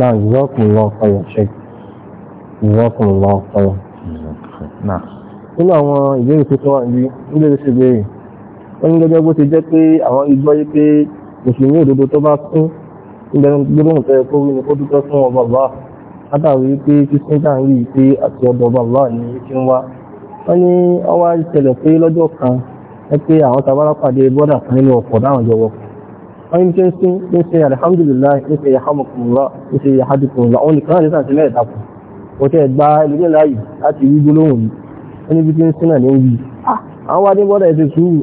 náà ìwọ́kùn lọ ọ̀yọ̀ ṣe ìwọ́kùn lọ ọ̀yọ̀. nínú àwọn ìbéèrè tó tọ́wà ní ìbéèrè sí ìbéèrè ó ní gẹ́gẹ́ bó ti jẹ́ pé àwọn igbó yí pé mùsùlùmí òdodo tó bá kún níbẹ̀ gbólóhùn tó yẹ kó wí ni kó dúpẹ́ fún ọba bá látàrí kan ẹ pé àwọn tabará pàdé bọ́dà kan nínú ọkọ̀ dáhùn onye tí ń sín ní ṣe alhamdulillah ní ṣe yahamukumula ní ṣe yahadukumula òun nìkan náà ní sàn sí mẹ́ta kù kò tẹ́ gba ẹlẹ́gbẹ́ láàyè láti wí gbólóhùn yìí ó ní bí tí ń sín náà ní wí àwọn wá ní bọ́dà ẹ̀sẹ̀ sùúrù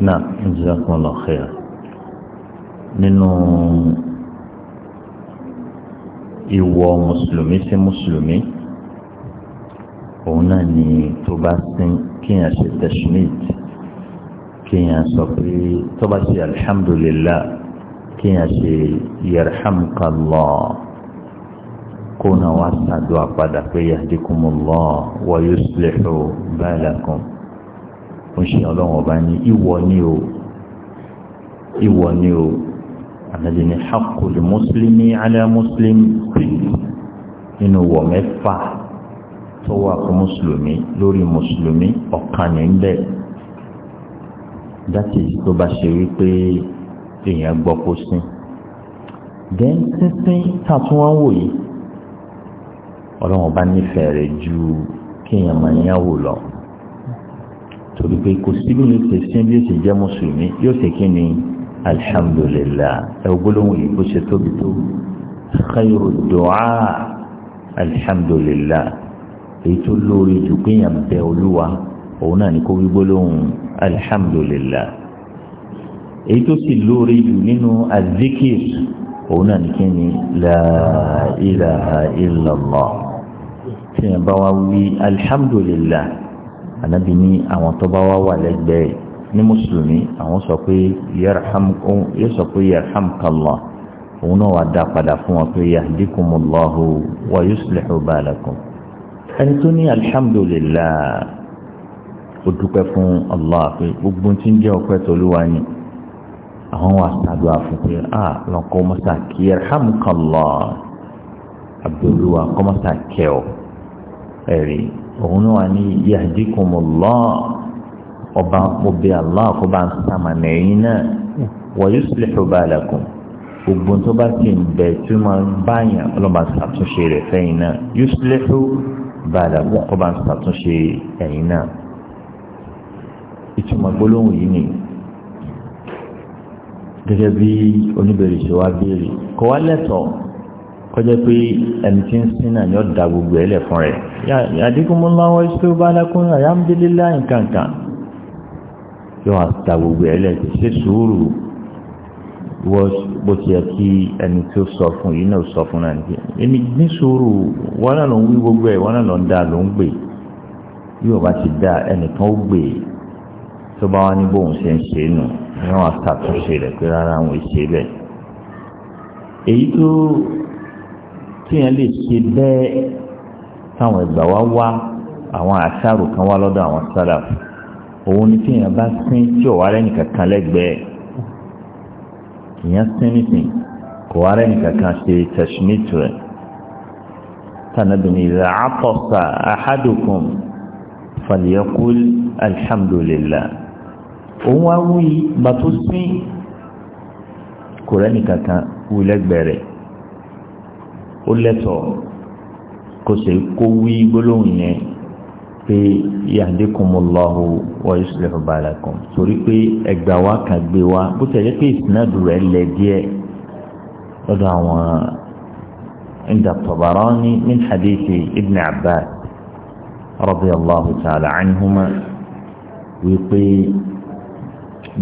náà jazakumullahu khairan nínú ìwọ mùsùlùmí sí mùsùlùmí òun náà ni tó bá sín kéèyàn ṣe tashmid kéèyàn sọ pé tó bá ṣe alhamdulillah kéèyàn ṣe yarhamkallah kó náà wá sàdúrà padà pé yahdikumullah wa yuslihu balakum ń ṣe ọlọ́run ọba ní ìwọ ni o ìwọ ni o ànábì ní haqqul mùsùlùmí ala mùsùlùmí nínú wọ̀ mẹ́fà tó wà fún mùsùlùmí lórí mùsùlùmí ọ̀kan ní bẹ́ẹ̀ that is tó bá ṣe wípé èèyàn gbọ́ kó sín then sínsín tàtún wọn wò yìí ọlọ́run ọba nífẹ̀ẹ́ rẹ̀ ju kéèyàn máa ń yáwò lọ torí pé kò síbi ní kìsín bí ó sì jẹ́ mùsùlùmí yóò ṣe kí ni alhamdulillah ẹ gbólóhùn yìí bó ṣe tóbi tó khayru du'a alhamdulillah èyí tó lórí jù kéèyàn bẹ olúwa òun náà ní kó wí gbólóhùn èyí tó sì lórí jù nínú azikir òun náà ní kí ni la ilaha illallah wí alhamdulillah ànábì ní àwọn tó bá wá wà lẹ́gbẹ̀ẹ́ ní mùsùlùmí àwọn sọ pé yarhamkallah òun náà wà dá padà fún wọn pé yahdikumullahu wa yuslihu balakum ẹni tó ní alhamdulillah ó dúpẹ́ fún Allah pé gbogbo tí ń jẹ́ ọpẹ́ tolúwa ni àwọn wa sàdúrà fún pé a lọ́kọ́ mọ́sá kí yarhamkallah abdulluwa kọ́ mọ́sá kẹ́ ọ ẹ̀rí òun náà wà ní yahdikumullah ọba òbí allah kó bá ń sàmànà ẹ̀yìn náà wa yuslihu balakum gbogbo tó bá ti ń bẹ̀ tí wọ́n báyàn ọlọ́ba ṣàtúnṣe rẹ̀ fẹ́yìn náà yuslihu balakum kó bá ń ṣàtúnṣe ẹ̀yìn náà ìtumọ̀ gbólóhùn yìí ni gẹ́gẹ́ bí oníbèrè ṣe wá béèrè kò wá lẹ́tọ̀ọ́ kọjá pé ẹni tí ń sin náà ni ó da gbogbo ẹ lẹ̀ fún rẹ̀ àdínkùmọ́láwọ́ ìṣòro bá alákùnrin àyàmúdélélá nǹkan kan yóò da gbogbo ẹ lẹ̀ kò ṣe sùúrù wọ́n bó ti yẹ kí ẹni tí ó sọ fún yìí náà sọ fún náà nìyẹn èmi ní sùúrù wọn náà ló ń wí gbogbo ẹ wọn náà ló ń da ló ń gbè yóò bá ti da ẹnìkan ó gbè tó bá wá ní bóun ṣe ń ṣe nù wọn á ṣàtúnṣe pé rárá àwọn ìṣe bẹ́ẹ̀ èyí tó tíyẹn lè ṣe bẹ́ẹ̀ táwọn ẹgbà wá wá àwọn àṣàrò kan wá lọ́dọ̀ àwọn sálàf òun ni tíyẹn bá sín tí ò wá rẹ́nì kankan lẹ́gbẹ̀ẹ́ ìyẹn sín nìsín kò wá rẹ́nì kankan ṣe tẹ̀símìtì rẹ̀ tànàbìnrin ìlà àtọ̀sà àhádùkùn fàlìyàkùl alhamdulillah òun wá wí bàtó sín kò rẹ́nì kankan wí rẹ̀ ó lẹ́tọ̀ọ́ kó ṣe kó wí gbólóhùn yẹn pé yahdikumullahu wa yuslihu balakum torí pé ẹgbà wa kan gbé wa bó ti ẹ̀jẹ̀ pé ìsìnàdù rẹ̀ lẹ̀ díẹ̀ lọ́dọ̀ àwọn inda Tabarani min hadithi ibn Abbas radiyallahu ta'ala anhuma wípé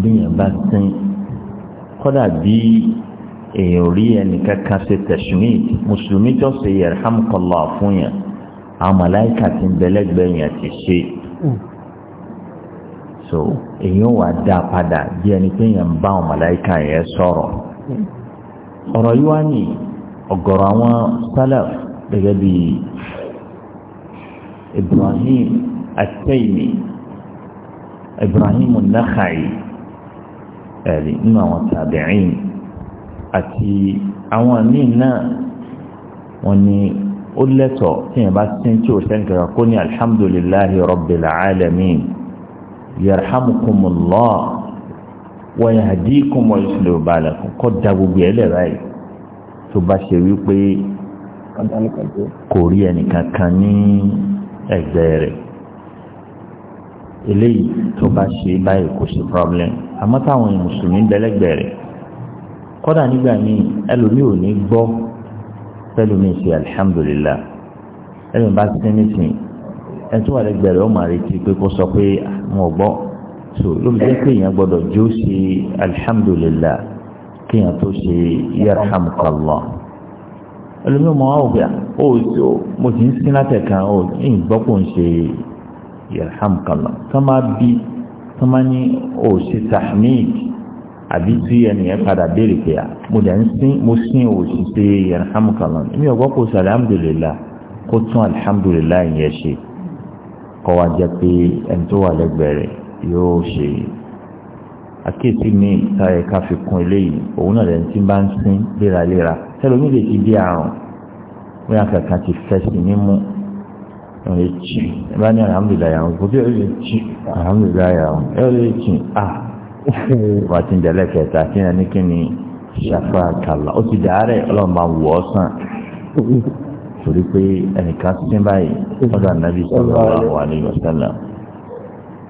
bíyànjú bá sìn kọ́dà bíi èèyàn rí ẹnìkan kan ṣe tẹ̀sùmíì mùsùlùmí tó ṣe yarhamukallah fún yẹn àwọn màláìkà ti ń bẹ̀lẹ́gbẹ̀ yẹn ti ṣe. so èèyàn wà dá padà bí ẹni pé yẹn ń bá àwọn màláìkà yẹn sọ̀rọ̀. ọ̀rọ̀ yìí wá ní ọ̀gọ̀rọ̀ àwọn salaf gẹ́gẹ́ bí Ibrahim at Ibrahim an ẹ̀rí nínú àwọn tabi'in àti àwọn míì náà wọ́n ní ó lẹ́tọ̀ tí yẹn bá sin tí o sẹ́ni kankan kó ní alhamdulillahi rabbil alamin yarhamukumullah wa yahdikum wa yuslihu balakum kọ́ da gbogbo ẹ̀ lẹ́ra yìí tó bá ṣe wípé kò rí ẹnìkan kan ní ẹgbẹ́ rẹ̀ eléyìí tó bá ṣe báyìí kò sí problem àmọ́ táwọn mùsùlùmí bẹ́lẹ́gbẹ̀ẹ́ rẹ̀ kọ́dà nígbà míì ẹlòmíì ò ní gbọ́ pẹ́lúmi ṣe alihamudulilá ẹlòmíì bá ti sẹ́ni sìn ẹtú wà lẹ́gbẹ̀rẹ̀ ọmọ àrètí pé kó sọ pé mo gbọ́ so lóbi jẹ́ pé èèyàn gbọ́dọ̀ jó ṣe alihamudulilá kéèyàn tó ṣe yarhamukallah ẹlòmíì ọmọ wa ò gbà ó mo ti ń sin látẹ̀kan ó ń gbọ́ kó ń ṣe yarhamukallah tó máa bí tó máa ní ó ṣe tahmid àbí tí ẹnìyẹn padà béèrè pé mo dẹ̀ ń sín mo sín òṣìṣẹ́ yarhamukallah mi ò gbọ́ kó sọ alhamdulillah kó tún alhamdulillah yẹn ṣe kọ́ wa jẹ́ pé ẹni tó wà lẹ́gbẹ̀ẹ́ rẹ̀ yóò ṣe àkéèsí mi táyẹ ká fi kún eléyìí òun náà lẹ́yìn tí bá ń sín léraléra tẹ́lómi lè ti dé àrùn wíwá kankan ti fẹsẹ̀ nímú ẹ̀rọ ìtì ẹ̀ bá ní alhamdulillah yàrá òkú tí ẹ̀rọ ìtì alhamdulillah yàrá ẹ̀rọ ìtì ah. wà á ti ń dẹ̀lẹ́ kẹta kí ni kí ni ṣàfà kàlà ó ti dàárẹ̀ ọlọ́run máa wọ̀ ọ́ sàn torí pé ẹnìkan sín báyìí ọ̀dọ̀ ànábì sallallahu alaihi wasallam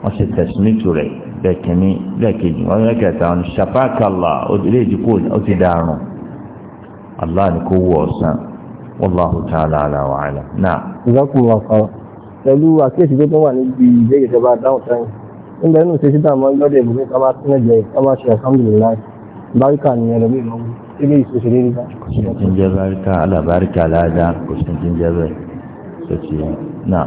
wọ́n ṣe tẹ̀símìtì rẹ̀ bẹ́ẹ̀ kìíní bẹ́ẹ̀ kejì wọ́n bẹ́ẹ̀ kẹta wọn ṣàfà kàlà ilé ìdíkò ó ti dàrùn Allah ni kò wọ̀ ọ́ sàn wallahu ta'ala ala wa ala náà. ìzákùnrin àfàrà pẹ̀lú àkíyèsí tó wà níbi ìbéèrè ìjọba dáhùn sáyẹn ń bẹ̀rẹ̀ nù sẹ́sítà máa ń lọ́dẹ̀ ìbùkún ká bá tún ẹ̀jẹ̀ ká bá ṣe alhamdulillah báríkà ni ẹ̀rọ mi lọ́wọ́ ilé ìṣòṣè lérí bá. kò sí ti ń jẹ́ báríkà alábáríkà aláàdá kò sí ti ń jẹ́